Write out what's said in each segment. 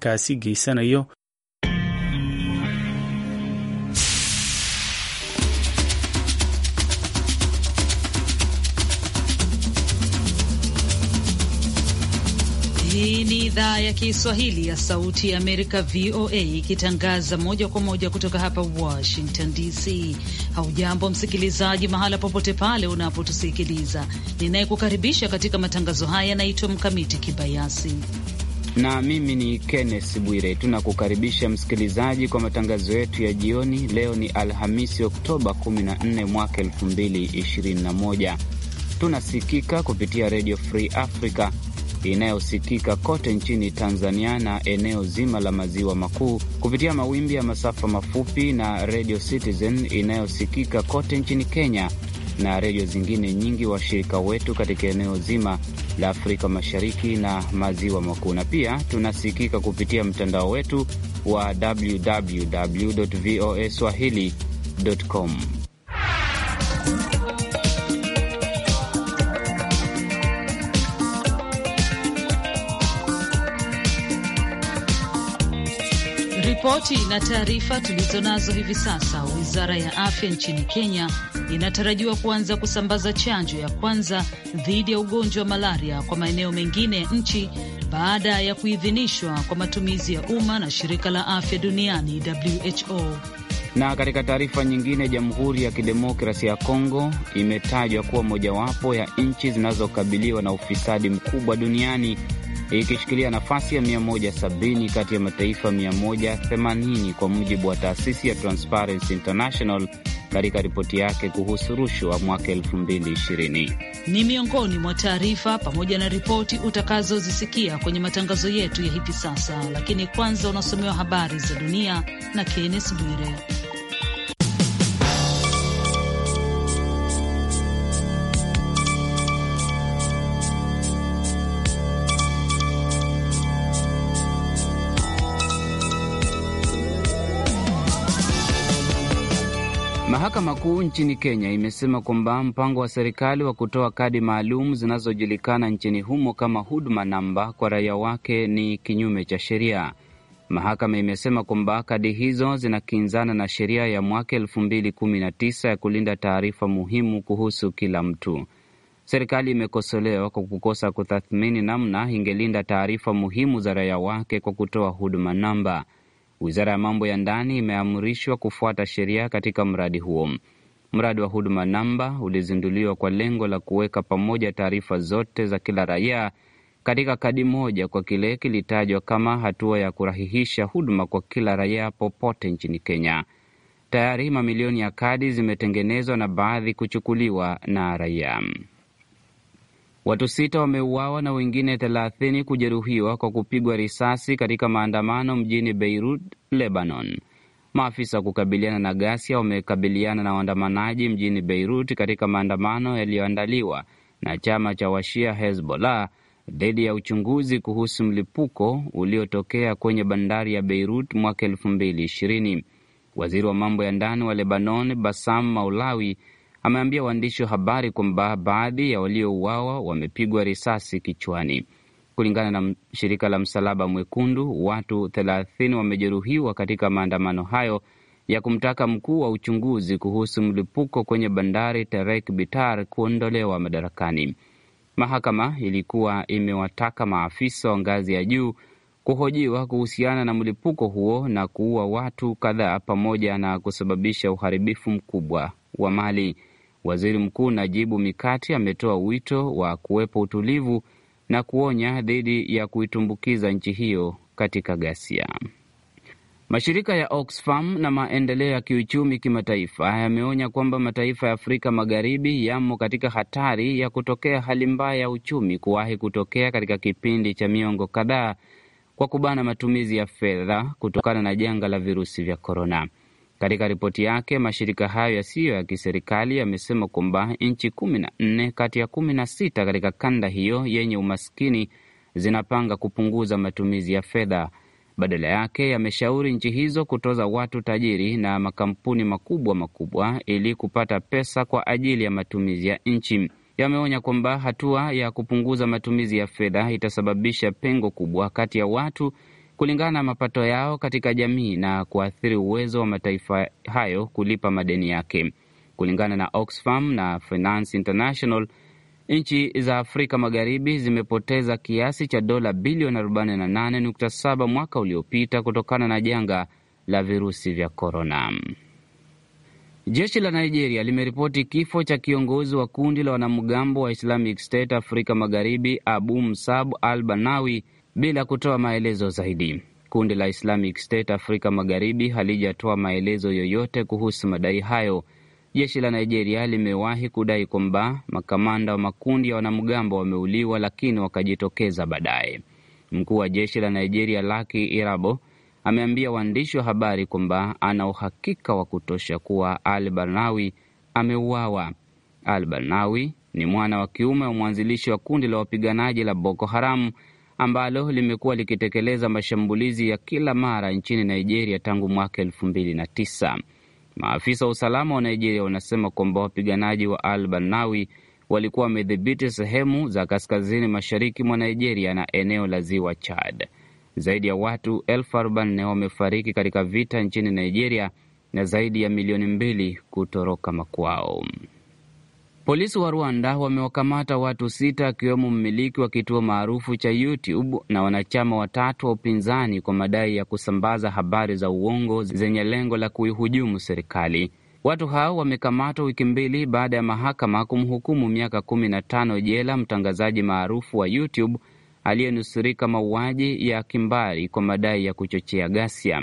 kaasi geysanayo Hii ni idhaa ya Kiswahili ya Sauti ya Amerika, VOA, ikitangaza moja kwa moja kutoka hapa Washington DC. Haujambo msikilizaji, mahala popote pale unapotusikiliza. Ninayekukaribisha katika matangazo haya yanaitwa Mkamiti Kibayasi na mimi ni Kenneth Bwire. Tunakukaribisha msikilizaji kwa matangazo yetu ya jioni. Leo ni Alhamisi, Oktoba 14 mwaka 2021. Tunasikika kupitia Redio Free Africa inayosikika kote nchini Tanzania na eneo zima la maziwa makuu kupitia mawimbi ya masafa mafupi na Redio Citizen inayosikika kote nchini Kenya na redio zingine nyingi washirika wetu katika eneo zima la Afrika Mashariki na Maziwa Makuu, na pia tunasikika kupitia mtandao wetu wa www voa swahili com. Ripoti na taarifa tulizo nazo hivi sasa, wizara ya afya nchini Kenya inatarajiwa kuanza kusambaza chanjo ya kwanza dhidi ya ugonjwa wa malaria kwa maeneo mengine ya nchi baada ya kuidhinishwa kwa matumizi ya umma na shirika la afya duniani WHO. Na katika taarifa nyingine, Jamhuri ya Kidemokrasia ya Kongo imetajwa kuwa mojawapo ya nchi zinazokabiliwa na ufisadi mkubwa duniani ikishikilia nafasi ya 170 kati ya mataifa 180 kwa mujibu wa taasisi ya Transparency International katika ripoti yake kuhusu rushwa mwaka 2020. Ni miongoni mwa taarifa pamoja na ripoti utakazozisikia kwenye matangazo yetu ya hivi sasa, lakini kwanza unasomewa habari za dunia na Kenneth Bwire. Mahakama Kuu nchini Kenya imesema kwamba mpango wa serikali wa kutoa kadi maalum zinazojulikana nchini humo kama huduma namba kwa raia wake ni kinyume cha sheria. Mahakama imesema kwamba kadi hizo zinakinzana na sheria ya mwaka 219 ya kulinda taarifa muhimu kuhusu kila mtu. Serikali imekosolewa kwa kukosa kutathmini namna ingelinda taarifa muhimu za raia wake kwa kutoa huduma namba. Wizara ya mambo ya ndani imeamrishwa kufuata sheria katika mradi huo. Mradi wa huduma namba ulizinduliwa kwa lengo la kuweka pamoja taarifa zote za kila raia katika kadi moja kwa kile kilitajwa kama hatua ya kurahihisha huduma kwa kila raia popote nchini Kenya. Tayari mamilioni ya kadi zimetengenezwa na baadhi kuchukuliwa na raia. Watu sita wameuawa na wengine thelathini kujeruhiwa kwa kupigwa risasi katika maandamano mjini Beirut, Lebanon. Maafisa wa kukabiliana na ghasia wamekabiliana na waandamanaji mjini Beirut katika maandamano yaliyoandaliwa na chama cha washia Hezbollah dhidi ya uchunguzi kuhusu mlipuko uliotokea kwenye bandari ya Beirut mwaka elfu mbili ishirini. Waziri wa mambo ya ndani wa Lebanon Basam Maulawi ameambia waandishi wa habari kwamba baadhi ya waliouawa wamepigwa risasi kichwani. Kulingana na shirika la Msalaba Mwekundu, watu thelathini wamejeruhiwa katika maandamano hayo ya kumtaka mkuu wa uchunguzi kuhusu mlipuko kwenye bandari Tarek Bitar kuondolewa madarakani. Mahakama ilikuwa imewataka maafisa wa ngazi ya juu kuhojiwa kuhusiana na mlipuko huo na kuua watu kadhaa pamoja na kusababisha uharibifu mkubwa wa mali. Waziri Mkuu Najibu Mikati ametoa wito wa kuwepo utulivu na kuonya dhidi ya kuitumbukiza nchi hiyo katika ghasia. Mashirika ya Oxfam na maendeleo ya kiuchumi kimataifa yameonya kwamba mataifa ya Afrika Magharibi yamo katika hatari ya kutokea hali mbaya ya uchumi kuwahi kutokea katika kipindi cha miongo kadhaa kwa kubana matumizi ya fedha kutokana na janga la virusi vya korona. Katika ripoti yake, mashirika hayo yasiyo ya kiserikali yamesema kwamba nchi kumi na nne kati ya kumi na sita katika kanda hiyo yenye umaskini zinapanga kupunguza matumizi ya fedha. Badala yake, yameshauri nchi hizo kutoza watu tajiri na makampuni makubwa makubwa ili kupata pesa kwa ajili ya matumizi ya nchi. Yameonya kwamba hatua ya kupunguza matumizi ya fedha itasababisha pengo kubwa kati ya watu kulingana na mapato yao katika jamii na kuathiri uwezo wa mataifa hayo kulipa madeni yake. Kulingana na Oxfam na Finance International, nchi za Afrika Magharibi zimepoteza kiasi cha dola bilioni 48.7 mwaka uliopita kutokana na janga la virusi vya korona. Jeshi la Nigeria limeripoti kifo cha kiongozi wa kundi la wanamgambo wa Islamic State Afrika Magharibi, Abu Musab al Banawi bila kutoa maelezo zaidi. Kundi la Islamic State Afrika Magharibi halijatoa maelezo yoyote kuhusu madai hayo. Jeshi la Nigeria limewahi kudai kwamba makamanda wa makundi ya wanamgambo wameuliwa, lakini wakajitokeza baadaye. Mkuu wa jeshi la Nigeria Laki Irabo ameambia waandishi wa habari kwamba ana uhakika wa kutosha kuwa Al Barnawi ameuawa. Al Barnawi ni mwana wa kiume wa mwanzilishi wa kundi la wapiganaji la Boko Haramu ambalo limekuwa likitekeleza mashambulizi ya kila mara nchini Nigeria tangu mwaka elfu mbili na tisa. Maafisa wa usalama wa Nigeria wanasema kwamba wapiganaji wa Banawi walikuwa wamedhibiti sehemu za kaskazini mashariki mwa Nigeria na eneo la ziwa Chad. Zaidi ya watu elfu arobaini wamefariki katika vita nchini Nigeria na zaidi ya milioni mbili kutoroka makwao. Polisi wa Rwanda wamewakamata watu sita akiwemo mmiliki wa kituo maarufu cha YouTube na wanachama watatu wa upinzani kwa madai ya kusambaza habari za uongo zenye lengo la kuihujumu serikali. Watu hao wamekamatwa wiki mbili baada ya mahakama kumhukumu miaka kumi na tano jela mtangazaji maarufu wa YouTube aliyenusurika mauaji ya kimbari kwa madai ya kuchochea ghasia.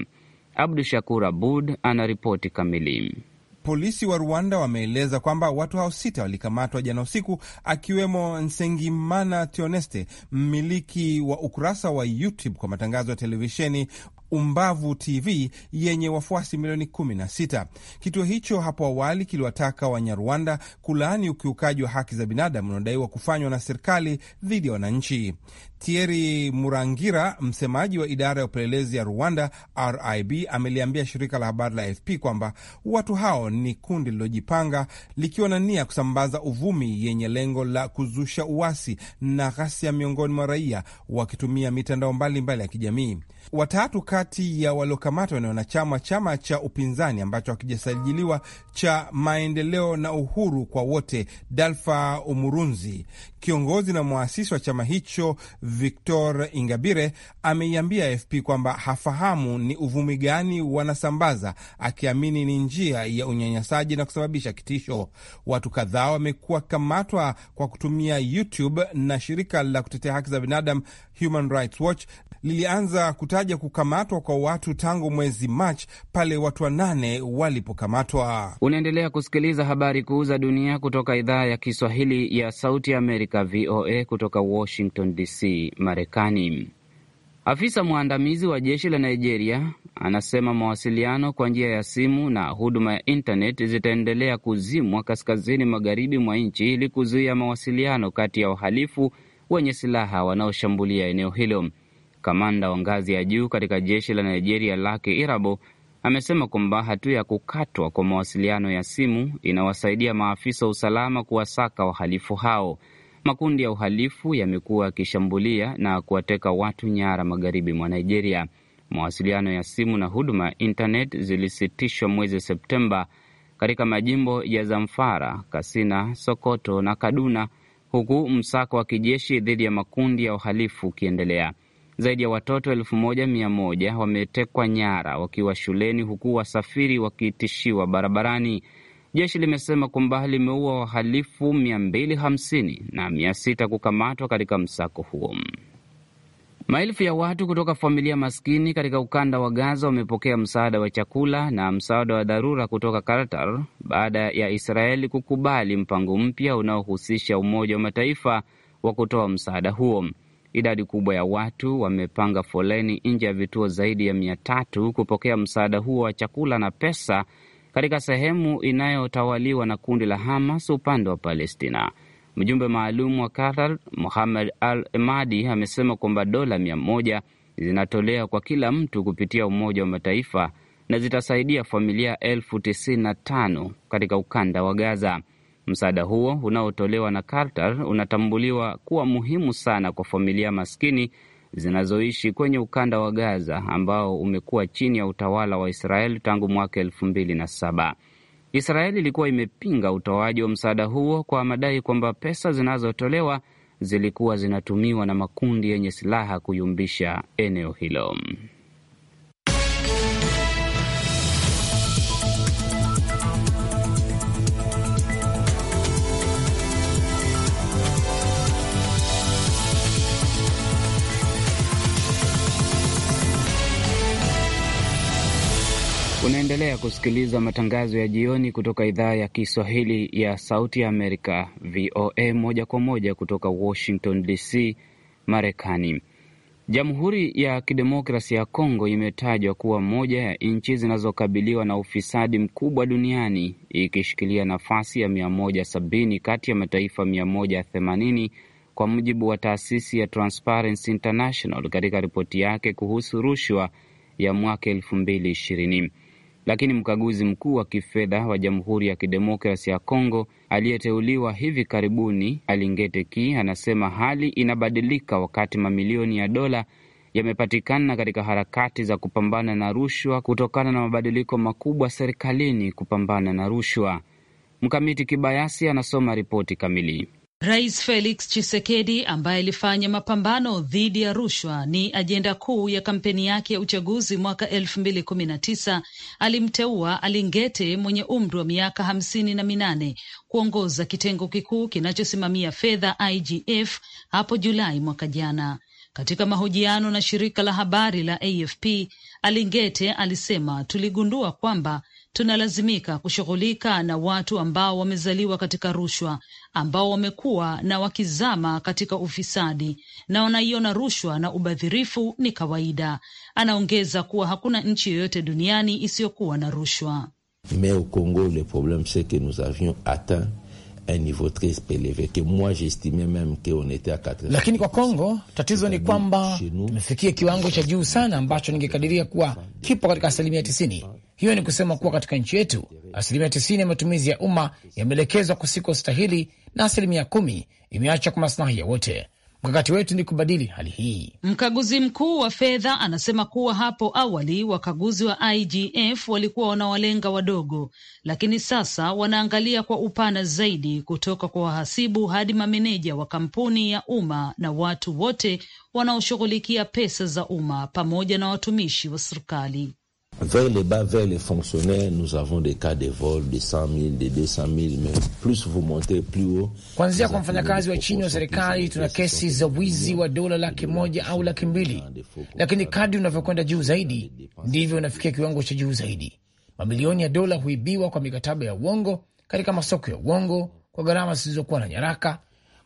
Abdu Shakur Abud anaripoti kamili. Polisi wa Rwanda wameeleza kwamba watu hao sita walikamatwa jana usiku, akiwemo Nsengimana Tioneste, mmiliki wa ukurasa wa YouTube kwa matangazo ya televisheni Umbavu TV yenye wafuasi milioni 16. Kituo hicho hapo awali kiliwataka Wanyarwanda kulaani ukiukaji wa haki za binadamu unaodaiwa kufanywa na serikali dhidi ya wananchi. Thierry Murangira, msemaji wa idara ya upelelezi ya Rwanda RIB, ameliambia shirika la habari la AFP kwamba watu hao ni kundi lililojipanga likiwa na nia ya kusambaza uvumi yenye lengo la kuzusha uasi na ghasia miongoni mwa raia wakitumia mitandao mbalimbali ya kijamii. Watatu kati ya waliokamatwa ni wanachama chama cha upinzani ambacho hakijasajiliwa cha maendeleo na uhuru kwa wote, Dalfa Umurunzi. Kiongozi na mwasisi wa chama hicho Victor Ingabire ameiambia AFP kwamba hafahamu ni uvumi gani wanasambaza, akiamini ni njia ya unyanyasaji na kusababisha kitisho. Watu kadhaa wamekuwa kamatwa kwa kutumia YouTube na shirika la kutetea haki za binadamu Human Rights Watch lilianza kutaja kukamatwa kwa watu tangu mwezi Machi pale watu wanane walipokamatwa. Unaendelea kusikiliza habari kuu za dunia kutoka idhaa ya Kiswahili ya Sauti ya Amerika, VOA, kutoka Washington DC, Marekani. Afisa mwandamizi wa jeshi la Nigeria anasema mawasiliano kwa njia ya simu na huduma ya intaneti zitaendelea kuzimwa kaskazini magharibi mwa nchi ili kuzuia mawasiliano kati ya wahalifu wenye silaha wanaoshambulia eneo hilo. Kamanda wa ngazi ya juu katika jeshi la Nigeria Lake Irabo amesema kwamba hatua ya kukatwa kwa mawasiliano ya simu inawasaidia maafisa wa usalama kuwasaka wahalifu hao. Makundi ya uhalifu yamekuwa yakishambulia na kuwateka watu nyara magharibi mwa Nigeria. Mawasiliano ya simu na huduma ya intanet zilisitishwa mwezi Septemba katika majimbo ya Zamfara, Katsina, Sokoto na Kaduna, huku msako wa kijeshi dhidi ya makundi ya uhalifu ukiendelea. Zaidi ya watoto elfu moja mia moja wametekwa nyara wakiwa shuleni, huku wasafiri wakitishiwa barabarani. Jeshi limesema kwamba limeua wahalifu 250 na 600 kukamatwa katika msako huo. Maelfu ya watu kutoka familia maskini katika ukanda wa Gaza wamepokea msaada wa chakula na msaada wa dharura kutoka Qatar baada ya Israeli kukubali mpango mpya unaohusisha Umoja wa Mataifa wa kutoa msaada huo. Idadi kubwa ya watu wamepanga foleni nje ya vituo zaidi ya mia tatu kupokea msaada huo wa chakula na pesa katika sehemu inayotawaliwa na kundi la Hamas upande wa Palestina. Mjumbe maalum wa Qatar Muhamed Al Emadi amesema kwamba dola mia moja zinatolewa kwa kila mtu kupitia Umoja wa Mataifa na zitasaidia familia elfu tisini na tano katika ukanda wa Gaza. Msaada huo unaotolewa na Carter unatambuliwa kuwa muhimu sana kwa familia maskini zinazoishi kwenye ukanda wa Gaza ambao umekuwa chini ya utawala wa israel tangu mwaka elfu mbili na saba. Israeli ilikuwa imepinga utoaji wa msaada huo kwa madai kwamba pesa zinazotolewa zilikuwa zinatumiwa na makundi yenye silaha kuyumbisha eneo hilo. Unaendelea kusikiliza matangazo ya jioni kutoka idhaa ya Kiswahili ya Sauti ya Amerika, VOA, moja kwa moja kutoka Washington DC, Marekani. Jamhuri ya Kidemokrasi ya Kongo imetajwa kuwa moja ya nchi zinazokabiliwa na ufisadi mkubwa duniani ikishikilia nafasi ya 170 kati ya mataifa 180 kwa mujibu wa taasisi ya Transparency International katika ripoti yake kuhusu rushwa ya mwaka 2020 lakini mkaguzi mkuu wa kifedha wa Jamhuri ya Kidemokrasi ya Kongo aliyeteuliwa hivi karibuni Ki anasema hali inabadilika wakati mamilioni ya dola yamepatikana katika harakati za kupambana na rushwa kutokana na mabadiliko makubwa serikalini kupambana na rushwa. Mkamiti Kibayasi anasoma ripoti kamili. Rais Felix chisekedi ambaye alifanya mapambano dhidi ya rushwa ni ajenda kuu ya kampeni yake ya uchaguzi mwaka elfu mbili kumi na tisa alimteua Alingete mwenye umri wa miaka hamsini na minane kuongoza kitengo kikuu kinachosimamia fedha IGF hapo Julai mwaka jana. Katika mahojiano na shirika la habari la AFP, Alingete alisema tuligundua kwamba tunalazimika kushughulika na watu ambao wamezaliwa katika rushwa, ambao wamekuwa na wakizama katika ufisadi na wanaiona rushwa na ubadhirifu ni kawaida. Anaongeza kuwa hakuna nchi yoyote duniani isiyokuwa na rushwa. Mais au Congo le problème c'est que nous avions atteint un niveau très peleve que moi j'estimais même on était a 4 Lakini kwa Kongo tatizo ni kwamba imefikia kiwango cha juu sana ambacho ningekadiria kuwa kipo katika asilimia tisini. Hiyo ni kusema kuwa katika nchi yetu asilimia tisini ya matumizi ya umma yameelekezwa stahili na asilimia kumi imeacha kwa maslahi ya wote. Mkakati wetu ni kubadili hali hii. Mkaguzi mkuu wa fedha anasema kuwa hapo awali wakaguzi wa IGF walikuwa wanawalenga wadogo, lakini sasa wanaangalia kwa upana zaidi, kutoka kwa wahasibu hadi mameneja wa kampuni ya umma na watu wote wanaoshughulikia pesa za umma pamoja na watumishi wa serikali. Vers les bas, vers les fonctionnaires, nous avons des cas de vol de 100 000, de 200 000, mais plus vous montez plus haut. Kuanzia kwa mfanyakazi wa chini wa serikali tuna kesi za wizi wa dola laki moja au laki mbili, lakini kadri unavyokwenda juu zaidi ndivyo unafikia kiwango cha juu zaidi. Mamilioni ya dola huibiwa kwa mikataba ya uongo katika masoko ya uongo kwa gharama zisizokuwa na nyaraka.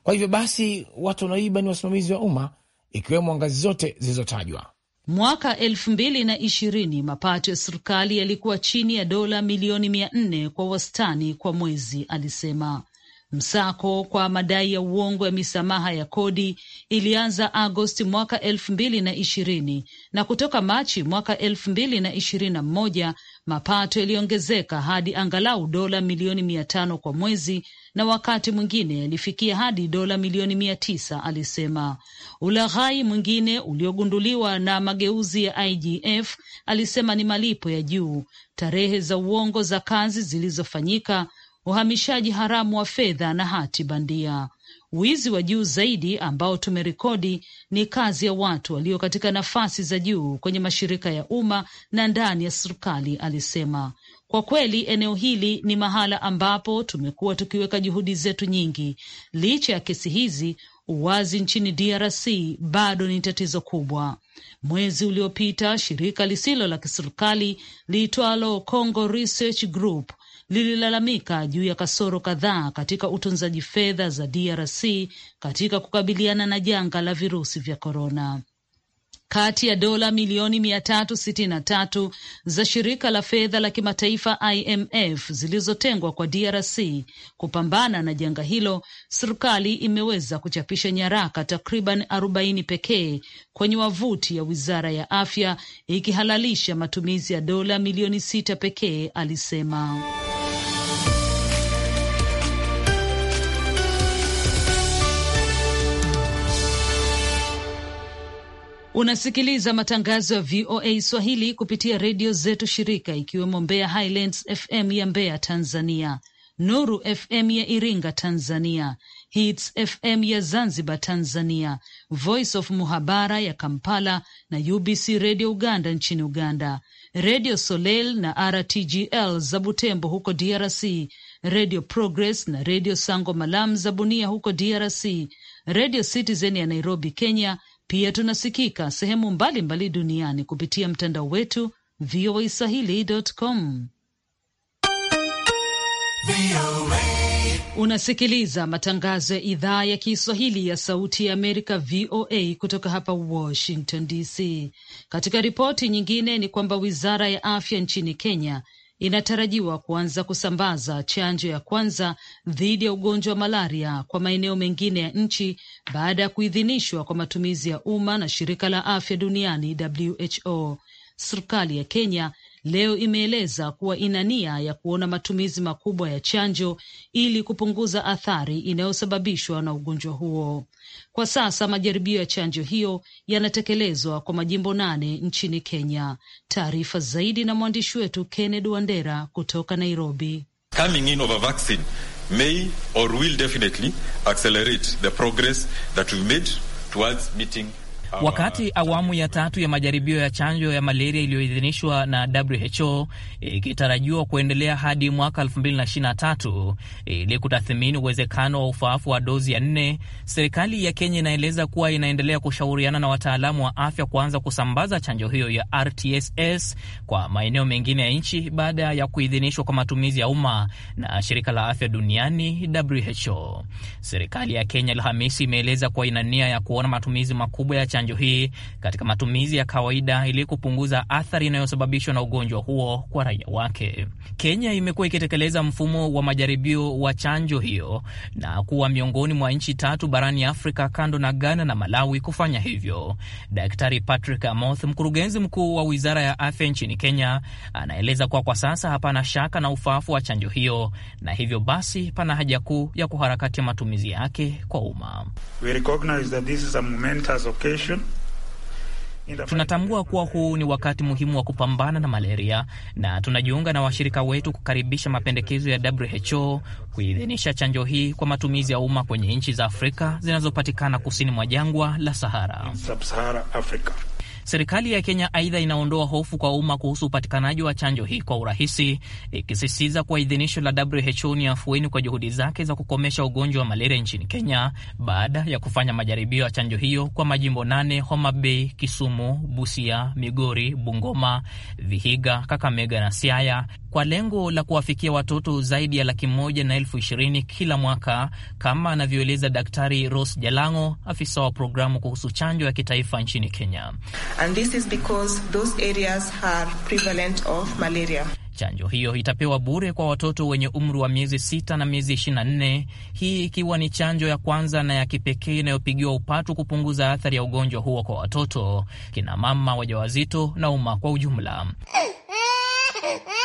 Kwa hivyo basi, watu wanaoiba ni wasimamizi wa umma, ikiwemo ngazi zote zilizotajwa. Mwaka elfu mbili na ishirini mapato ya serikali yalikuwa chini ya dola milioni mia nne kwa wastani kwa mwezi, alisema. Msako kwa madai ya uongo ya misamaha ya kodi ilianza Agosti mwaka elfu mbili na ishirini na kutoka Machi mwaka elfu mbili na ishirini na mmoja Mapato yaliongezeka hadi angalau dola milioni mia tano kwa mwezi na wakati mwingine yalifikia hadi dola milioni mia tisa, alisema. Ulaghai mwingine uliogunduliwa na mageuzi ya IGF alisema ni malipo ya juu, tarehe za uongo za kazi zilizofanyika, uhamishaji haramu wa fedha na hati bandia. Wizi wa juu zaidi ambao tumerekodi ni kazi ya watu walio katika nafasi za juu kwenye mashirika ya umma na ndani ya serikali, alisema. Kwa kweli eneo hili ni mahala ambapo tumekuwa tukiweka juhudi zetu nyingi. Licha ya kesi hizi, uwazi nchini DRC bado ni tatizo kubwa. Mwezi uliopita shirika lisilo la kiserikali liitwalo Congo Research Group lililalamika juu ya kasoro kadhaa katika utunzaji fedha za DRC katika kukabiliana na janga la virusi vya korona. Kati ya dola milioni 363 za shirika la fedha la kimataifa IMF zilizotengwa kwa DRC kupambana na janga hilo, serikali imeweza kuchapisha nyaraka takriban 40 pekee kwenye wavuti ya wizara ya afya, ikihalalisha matumizi ya dola milioni sita pekee, alisema. Unasikiliza matangazo ya VOA Swahili kupitia redio zetu shirika, ikiwemo Mbeya Highlands FM ya Mbeya Tanzania, Nuru FM ya Iringa Tanzania, Hits FM ya Zanzibar Tanzania, Voice of Muhabara ya Kampala na UBC Radio Uganda nchini Uganda, Redio Soleil na RTGL za Butembo huko DRC, Redio Progress na Redio Sango Malam za Bunia huko DRC, Redio Citizen ya Nairobi Kenya pia tunasikika sehemu mbalimbali mbali duniani kupitia mtandao wetu VOA Swahili.com. Unasikiliza matangazo ya idhaa ya Kiswahili ya Sauti ya Amerika, VOA, kutoka hapa Washington DC. Katika ripoti nyingine ni kwamba wizara ya afya nchini Kenya inatarajiwa kuanza kusambaza chanjo ya kwanza dhidi ya ugonjwa wa malaria kwa maeneo mengine ya nchi baada ya kuidhinishwa kwa matumizi ya umma na shirika la afya duniani WHO. Serikali ya Kenya leo imeeleza kuwa ina nia ya kuona matumizi makubwa ya chanjo ili kupunguza athari inayosababishwa na ugonjwa huo. Kwa sasa majaribio ya chanjo hiyo yanatekelezwa kwa majimbo nane nchini Kenya. Taarifa zaidi na mwandishi wetu Kenneth Wandera kutoka Nairobi. May or will definitely accelerate the progress that we've made towards meeting Ah. Wakati awamu ya tatu ya majaribio ya chanjo ya malaria iliyoidhinishwa na WHO ikitarajiwa kuendelea hadi mwaka 2023 ili kutathmini uwezekano wa ufaafu wa dozi ya nne, serikali ya Kenya inaeleza kuwa inaendelea kushauriana na wataalamu wa afya kuanza kusambaza chanjo hiyo ya RTSS kwa maeneo mengine ya nchi baada ya kuidhinishwa kwa matumizi ya umma na shirika la afya duniani WHO. Serikali ya Kenya Alhamisi imeeleza kuwa ina nia ya kuona matumizi makubwa ya chanjo chanjo hii katika matumizi ya kawaida ili kupunguza athari inayosababishwa na ugonjwa huo kwa raia wake. Kenya imekuwa ikitekeleza mfumo wa majaribio wa chanjo hiyo na kuwa miongoni mwa nchi tatu barani Afrika kando na Ghana na Malawi kufanya hivyo. Daktari Patrick Amoth, mkurugenzi mkuu wa wizara ya afya nchini Kenya, anaeleza kuwa kwa sasa hapana shaka na ufaafu wa chanjo hiyo, na hivyo basi pana haja kuu ya kuharakatia matumizi yake kwa umma. We recognize that this is a momentous occasion Tunatambua kuwa huu ni wakati muhimu wa kupambana na malaria na tunajiunga na washirika wetu kukaribisha mapendekezo ya WHO kuidhinisha chanjo hii kwa matumizi ya umma kwenye nchi za Afrika zinazopatikana kusini mwa jangwa la Sahara. Serikali ya Kenya aidha inaondoa hofu kwa umma kuhusu upatikanaji wa chanjo hii kwa urahisi, ikisisitiza kuwa idhinisho la WHO ni afueni kwa juhudi zake za kukomesha ugonjwa wa malaria nchini Kenya baada ya kufanya majaribio ya chanjo hiyo kwa majimbo nane: Homa Bay, Kisumu, Busia, Migori, Bungoma, Vihiga, Kakamega na Siaya kwa lengo la kuwafikia watoto zaidi ya laki moja na elfu ishirini kila mwaka, kama anavyoeleza Daktari ros Jalango, afisa wa programu kuhusu chanjo ya kitaifa nchini Kenya and this is because those areas are prevalent of malaria. Chanjo hiyo itapewa bure kwa watoto wenye umri wa miezi sita na miezi 24, hii ikiwa ni chanjo ya kwanza na ya kipekee inayopigiwa upatu kupunguza athari ya ugonjwa huo kwa watoto, kina mama wajawazito na umma kwa ujumla.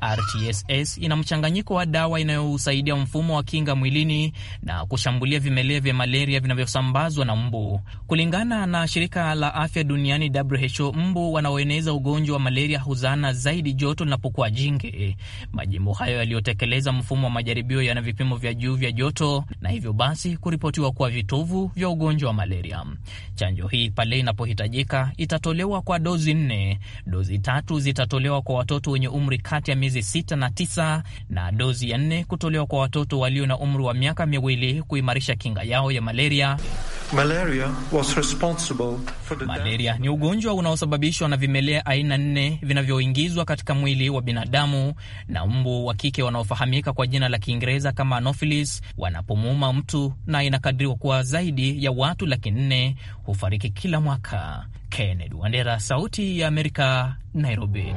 RTSS ina mchanganyiko wa dawa inayousaidia mfumo wa kinga mwilini na kushambulia vimelea vya malaria vinavyosambazwa na mbu. Kulingana na shirika la afya duniani WHO, mbu wanaoeneza ugonjwa wa malaria huzana zaidi joto linapokuwa jingi. Majimbo hayo yaliyotekeleza mfumo wa majaribio yana vipimo vya juu vya joto na hivyo basi kuripotiwa kuwa vitovu vya ugonjwa wa malaria. Chanjo hii pale inapohitajika itatolewa kwa dozi nne. Dozi tatu zitatolewa kwa watoto wenye umri kati ya miezi sita na tisa na dozi ya nne kutolewa kwa watoto walio na umri wa miaka miwili kuimarisha kinga yao ya malaria. Malaria, was responsible for the malaria ni ugonjwa unaosababishwa na vimelea aina nne vinavyoingizwa katika mwili wa binadamu na mbu wa kike wanaofahamika kwa jina la Kiingereza kama Anopheles wanapomuuma mtu, na inakadiriwa kuwa zaidi ya watu laki nne hufariki kila mwaka. Kennedy Wandera, Sauti ya Amerika, Nairobi.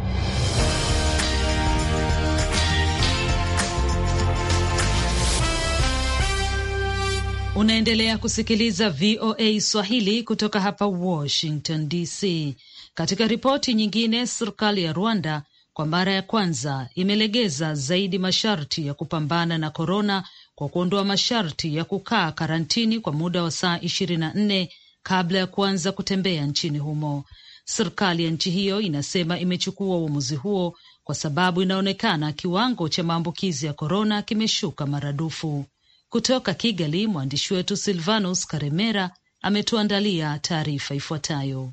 Unaendelea kusikiliza VOA Swahili kutoka hapa Washington DC. Katika ripoti nyingine, serikali ya Rwanda kwa mara ya kwanza imelegeza zaidi masharti ya kupambana na korona kwa kuondoa masharti ya kukaa karantini kwa muda wa saa ishirini na nne kabla ya kuanza kutembea nchini humo. Serikali ya nchi hiyo inasema imechukua uamuzi huo kwa sababu inaonekana kiwango cha maambukizi ya korona kimeshuka maradufu. Kutoka Kigali, mwandishi wetu Silvanus Karemera ametuandalia taarifa ifuatayo.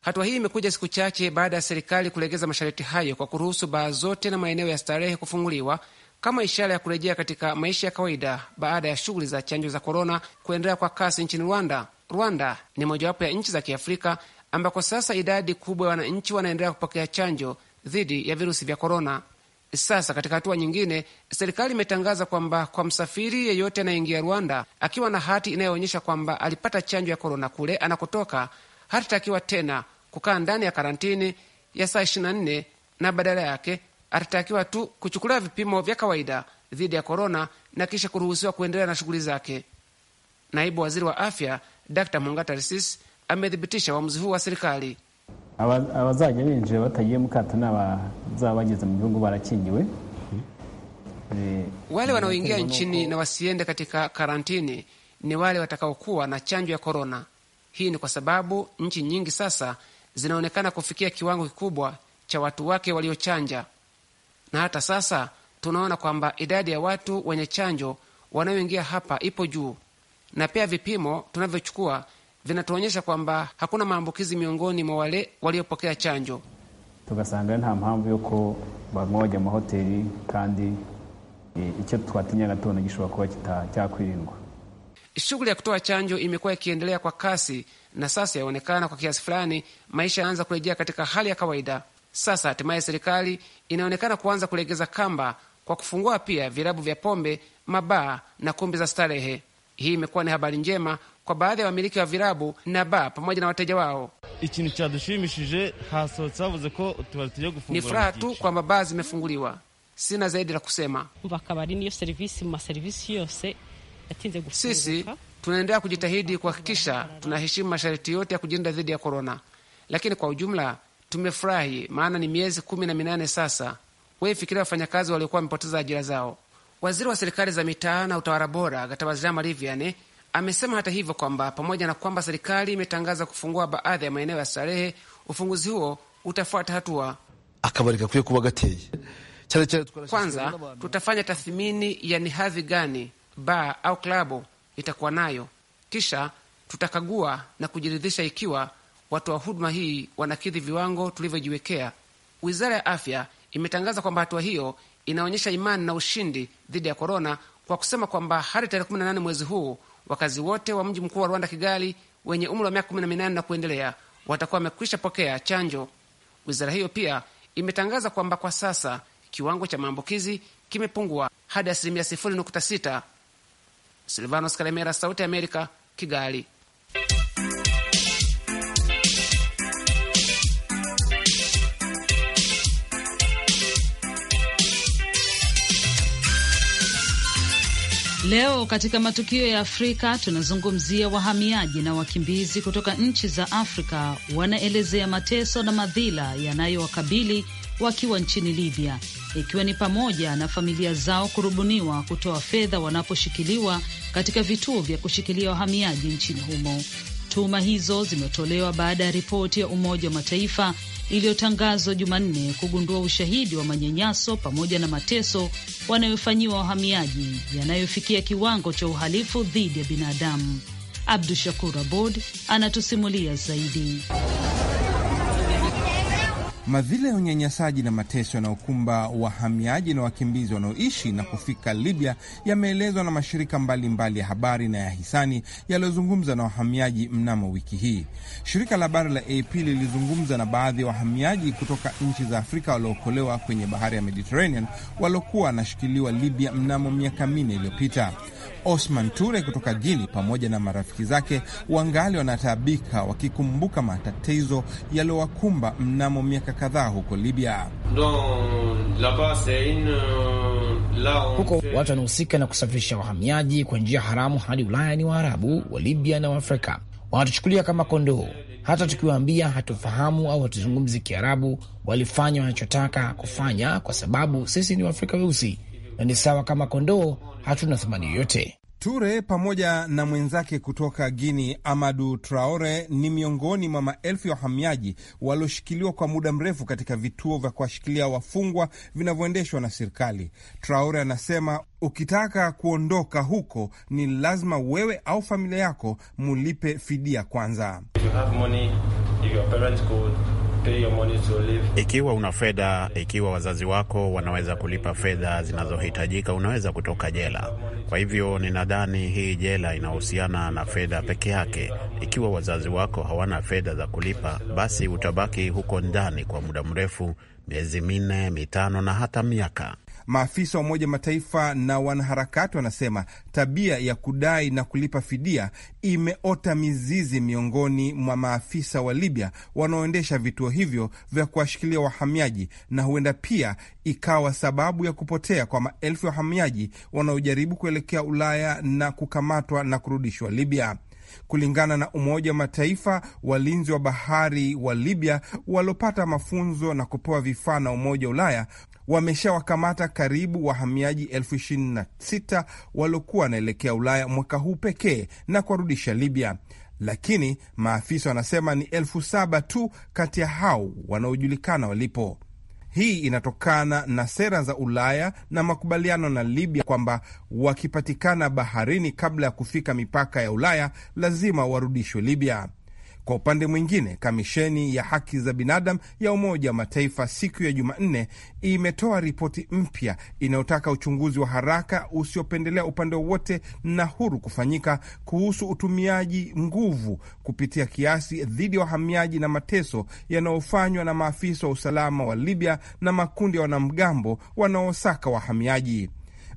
Hatua hii imekuja siku chache baada ya serikali kulegeza masharti hayo kwa kuruhusu baa zote na maeneo ya starehe kufunguliwa kama ishara ya kurejea katika maisha ya kawaida baada ya shughuli za chanjo za korona kuendelea kwa kasi nchini Rwanda. Rwanda ni mojawapo ya nchi za Kiafrika ambako sasa idadi kubwa ya wananchi wanaendelea kupokea chanjo dhidi ya virusi vya korona. Sasa katika hatua nyingine, serikali imetangaza kwamba kwa msafiri yeyote anayeingia Rwanda akiwa na hati inayoonyesha kwamba alipata chanjo ya korona kule anakotoka, hatatakiwa tena kukaa ndani ya karantini ya saa 24 na badala yake atatakiwa tu kuchukuliwa vipimo vya kawaida dhidi ya korona na kisha kuruhusiwa kuendelea na shughuli zake. Naibu waziri wa afya Dr Mungata Risis amethibitisha uamuzi huu wa serikali abazajya binjira batagiye mu kato n'abazaba bageze mu gihugu barakingiwe. Eh, wale wanaoingia nchini na wasiende katika karantini ni wale watakaokuwa na chanjo ya korona. Hii ni kwa sababu nchi nyingi sasa zinaonekana kufikia kiwango kikubwa cha watu wake waliochanja, na hata sasa tunaona kwamba idadi ya watu wenye chanjo wanaoingia hapa ipo juu, na pia vipimo tunavyochukua vinatuonyesha kwamba hakuna maambukizi miongoni mwa wale waliopokea chanjo. tugasanga nta mpamvu yuko bamwe bajya mahoteli kandi e, icyo twatinyaga tubona gishobora kuba kitacyakwirindwa. Shughuli ya kutoa chanjo imekuwa ikiendelea kwa kasi na sasa yaonekana kwa kiasi fulani maisha yaanza kurejea katika hali ya kawaida. Sasa hatimaye serikali inaonekana kuanza kulegeza kamba kwa kufungua pia vilabu vya pombe, mabaa na kumbi za starehe. Hii imekuwa ni habari njema kwa baadhi ya wamiliki wa virabu na ba pamoja na wateja wao. Ni furaha tu kwamba baa zimefunguliwa, sina zaidi la kusema. Sisi tunaendelea kujitahidi kuhakikisha tunaheshimu masharti yote ya kujilinda dhidi ya korona, lakini kwa ujumla tumefurahi, maana ni miezi kumi na minane sasa. Wefikiria wafanyakazi waliokuwa wamepoteza ajira zao. Waziri wa serikali za mitaa na utawala bora Gatabaziramariviane Amesema hata hivyo kwamba pamoja na kwamba serikali imetangaza kufungua baadhi ya maeneo ya starehe, ufunguzi huo utafuata hatua. Kwanza tutafanya tathmini ya ni hadhi gani baa au klabu itakuwa nayo, kisha tutakagua na kujiridhisha ikiwa wa huduma hii wanakidhi viwango tulivyojiwekea. Wizara ya Afya imetangaza kwamba hatua hiyo inaonyesha imani na ushindi dhidi ya korona, kwa kusema kwamba hadi tarehe 18 mwezi huu wakazi wote wa mji mkuu wa Rwanda, Kigali, wenye umri wa miaka 18 na kuendelea watakuwa wamekwisha pokea chanjo. Wizara hiyo pia imetangaza kwamba kwa sasa kiwango cha maambukizi kimepungua hadi asilimia .6 Silvanos Kalemera, Sauti ya Amerika, Kigali. Leo katika matukio ya Afrika tunazungumzia wahamiaji na wakimbizi kutoka nchi za Afrika wanaelezea mateso na madhila yanayowakabili wakiwa nchini Libya, ikiwa ni pamoja na familia zao kurubuniwa kutoa fedha wanaposhikiliwa katika vituo vya kushikilia wahamiaji nchini humo. Tuhuma hizo zimetolewa baada ya ripoti ya Umoja wa Mataifa iliyotangazwa Jumanne kugundua ushahidi wa manyanyaso pamoja na mateso wanayofanyiwa wahamiaji yanayofikia kiwango cha uhalifu dhidi ya binadamu. Abdu Shakur Abod anatusimulia zaidi. Madhila ya unyanyasaji na mateso yanayokumba wahamiaji na wakimbizi wanaoishi na kufika Libya yameelezwa na mashirika mbalimbali mbali ya habari na ya hisani yaliyozungumza na wahamiaji mnamo wiki hii. Shirika la habari la AP lilizungumza na baadhi ya wahamiaji kutoka nchi za Afrika waliookolewa kwenye bahari ya Mediterranean waliokuwa wanashikiliwa Libya mnamo miaka minne iliyopita. Osman Ture kutoka Gini pamoja na marafiki zake wangali wanataabika wakikumbuka matatizo yaliyowakumba mnamo miaka kadhaa huko Libya. Euh, huko watu wanahusika na kusafirisha wahamiaji kwa njia haramu hadi Ulaya ni Waarabu wa Libya na Waafrika, wanatuchukulia kama kondoo. Hata tukiwaambia hatufahamu au hatuzungumzi Kiarabu, walifanya wanachotaka kufanya, kwa sababu sisi ni Waafrika weusi na ni sawa kama kondoo, hatuna thamani yoyote. Ture pamoja na mwenzake kutoka Guini Amadu Traore ni miongoni mwa maelfu ya wahamiaji walioshikiliwa kwa muda mrefu katika vituo vya kuwashikilia wafungwa vinavyoendeshwa na serikali. Traore anasema ukitaka kuondoka huko ni lazima wewe au familia yako mulipe fidia kwanza. If you have money, if your ikiwa una fedha, ikiwa wazazi wako wanaweza kulipa fedha zinazohitajika, unaweza kutoka jela. Kwa hivyo ninadhani hii jela inahusiana na fedha peke yake. Ikiwa wazazi wako hawana fedha za kulipa, basi utabaki huko ndani kwa muda mrefu, miezi minne, mitano na hata miaka. Maafisa wa Umoja Mataifa na wanaharakati wanasema tabia ya kudai na kulipa fidia imeota mizizi miongoni mwa maafisa wa Libya wanaoendesha vituo hivyo vya kuwashikilia wahamiaji, na huenda pia ikawa sababu ya kupotea kwa maelfu ya wahamiaji wanaojaribu kuelekea Ulaya na kukamatwa na kurudishwa Libya. Kulingana na Umoja wa Mataifa, walinzi wa bahari wa Libya waliopata mafunzo na kupewa vifaa na Umoja wa Ulaya wameshawakamata karibu wahamiaji elfu ishirini na sita waliokuwa wanaelekea Ulaya mwaka huu pekee na kuwarudisha Libya, lakini maafisa wanasema ni elfu saba tu kati ya hao wanaojulikana walipo. Hii inatokana na sera za Ulaya na makubaliano na Libya kwamba wakipatikana baharini kabla ya kufika mipaka ya Ulaya lazima warudishwe Libya. Kwa upande mwingine, kamisheni ya haki za binadamu ya Umoja wa Mataifa siku ya Jumanne imetoa ripoti mpya inayotaka uchunguzi wa haraka usiopendelea upande wowote na huru kufanyika kuhusu utumiaji nguvu kupitia kiasi dhidi ya wahamiaji na mateso yanayofanywa na maafisa wa usalama wa Libya na makundi ya wanamgambo wanaosaka wahamiaji.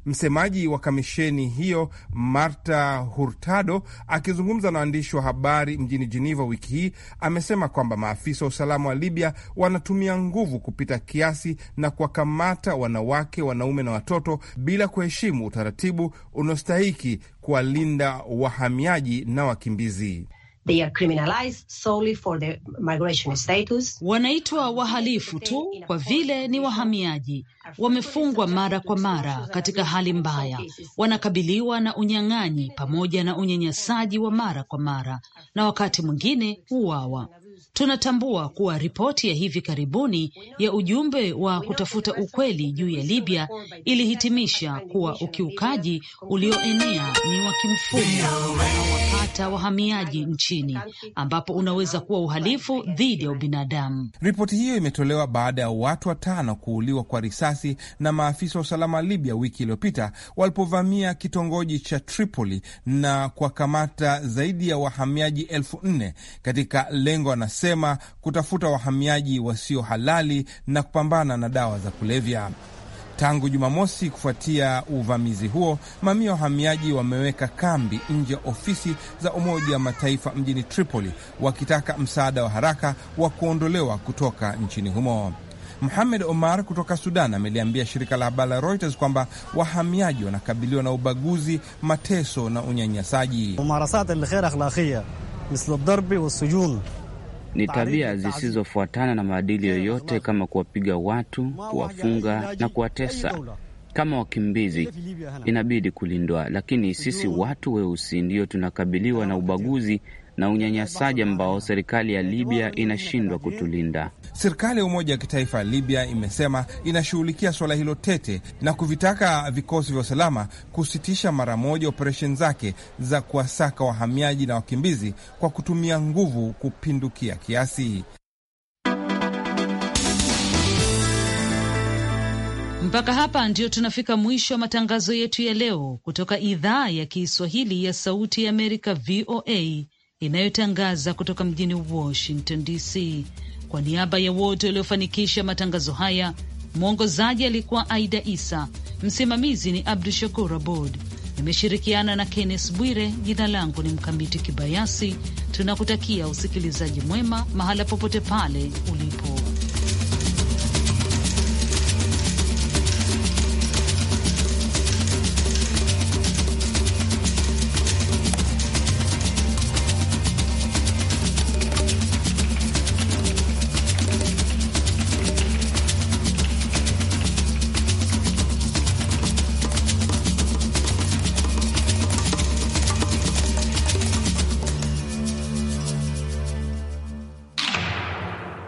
Msemaji wa kamisheni hiyo Marta Hurtado akizungumza na waandishi wa habari mjini Geneva wiki hii amesema kwamba maafisa wa usalama wa Libya wanatumia nguvu kupita kiasi na kuwakamata wanawake, wanaume na watoto bila kuheshimu utaratibu unaostahiki kuwalinda wahamiaji na wakimbizi. They are criminalized solely for their migration status. Wanaitwa wahalifu tu kwa vile ni wahamiaji, wamefungwa mara kwa mara katika hali mbaya, wanakabiliwa na unyang'anyi pamoja na unyanyasaji wa mara kwa mara, na wakati mwingine huwawa Tunatambua kuwa ripoti ya hivi karibuni ya ujumbe wa kutafuta ukweli juu ya Libya ilihitimisha kuwa ukiukaji ulioenea ni wa kimfumo wanaowapata wahamiaji nchini, ambapo unaweza kuwa uhalifu dhidi ya ubinadamu. Ripoti hiyo imetolewa baada ya watu watano kuuliwa kwa risasi na maafisa wa usalama wa Libya wiki iliyopita walipovamia kitongoji cha Tripoli na kuwakamata zaidi ya wahamiaji elfu nne katika lengo na inasema kutafuta wahamiaji wasio halali na kupambana na dawa za kulevya. Tangu Jumamosi, kufuatia uvamizi huo, mamia wahamiaji wameweka kambi nje ya ofisi za Umoja wa Mataifa mjini Tripoli, wakitaka msaada wa haraka wa kuondolewa kutoka nchini humo. muhamed Omar kutoka Sudan ameliambia shirika la habari la Reuters kwamba wahamiaji wanakabiliwa na ubaguzi, mateso na unyanyasaji ni tabia zisizofuatana na maadili yoyote kama kuwapiga watu, kuwafunga na kuwatesa. Kama wakimbizi inabidi kulindwa, lakini sisi watu weusi ndio tunakabiliwa na ubaguzi na unyanyasaji ambao serikali ya Libya inashindwa kutulinda. Serikali ya umoja wa kitaifa ya Libya imesema inashughulikia suala hilo tete na kuvitaka vikosi vya usalama kusitisha mara moja operesheni zake za kuwasaka wahamiaji na wakimbizi kwa kutumia nguvu kupindukia kiasi. Mpaka hapa ndio tunafika mwisho wa matangazo yetu ya leo kutoka idhaa ya Kiswahili ya Sauti ya Amerika, VOA, inayotangaza kutoka mjini Washington DC. Kwa niaba ya wote waliofanikisha matangazo haya, mwongozaji alikuwa Aida Isa, msimamizi ni Abdu Shakur Abod. Nimeshirikiana na Kennes Bwire. Jina langu ni Mkamiti Kibayasi. Tunakutakia usikilizaji mwema mahala popote pale ulipo.